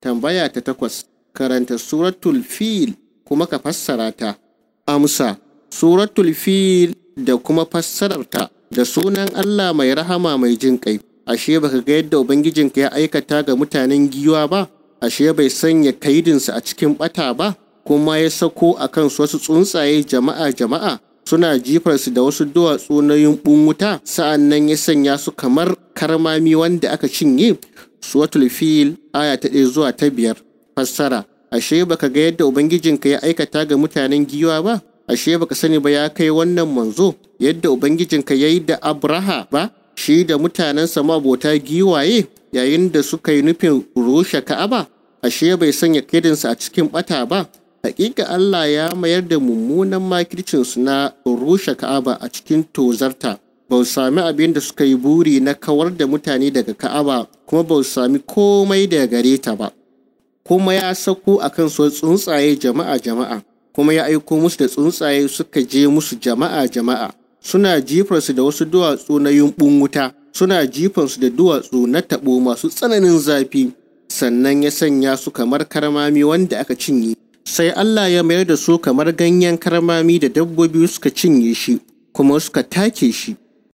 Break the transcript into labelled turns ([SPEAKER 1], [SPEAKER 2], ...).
[SPEAKER 1] Tambaya ta takwas, karanta suratul fil kuma ka fassara ta. Amsa, suratul fil da kuma fassararta da sunan Allah mai rahama mai jin ƙai. Ashe baka ga yadda Ubangijinka ya aikata ga mutanen giwa ba, ashe bai sanya kaidinsa a cikin ɓata ba, kuma ya sako a kansu wasu tsuntsaye jama'a jama'a suna jifarsu da wasu duwatsu na yumɓun wuta sa'an ya sanya su kamar karmami wanda aka cinye Suwatul Fil aya ta ɗaya zuwa ta biyar. Fassara Ashe baka ga yadda Ubangijinka ya aikata ga mutanen giwa ba? Ashe baka sani ba ya kai wannan manzo yadda Ubangijinka ya yi da Abraha ba? Shi da mutanensa mabota giwaye yayin da suka yi nufin rushe Ka'aba? Ashe bai sanya kedinsa a cikin bata ba? Hakika Allah ya mayar da mummunan makircinsu na rushe Ka'aba a cikin tozarta. ba sami abin da suka yi buri na kawar da mutane daga ka'aba kuma ba sami komai daga gare ta ba kuma ya sako a kan su tsuntsaye jama'a jama'a kuma ya aiko musu da tsuntsaye suka je musu jama'a jama'a suna jifarsu da wasu duwatsu na yumbun wuta suna su da duwatsu na taɓo masu tsananin zafi sannan ya sanya su kamar karmami wanda aka cinye sai Allah ya mayar da su kamar ganyen karmami da dabbobi suka cinye shi kuma suka take shi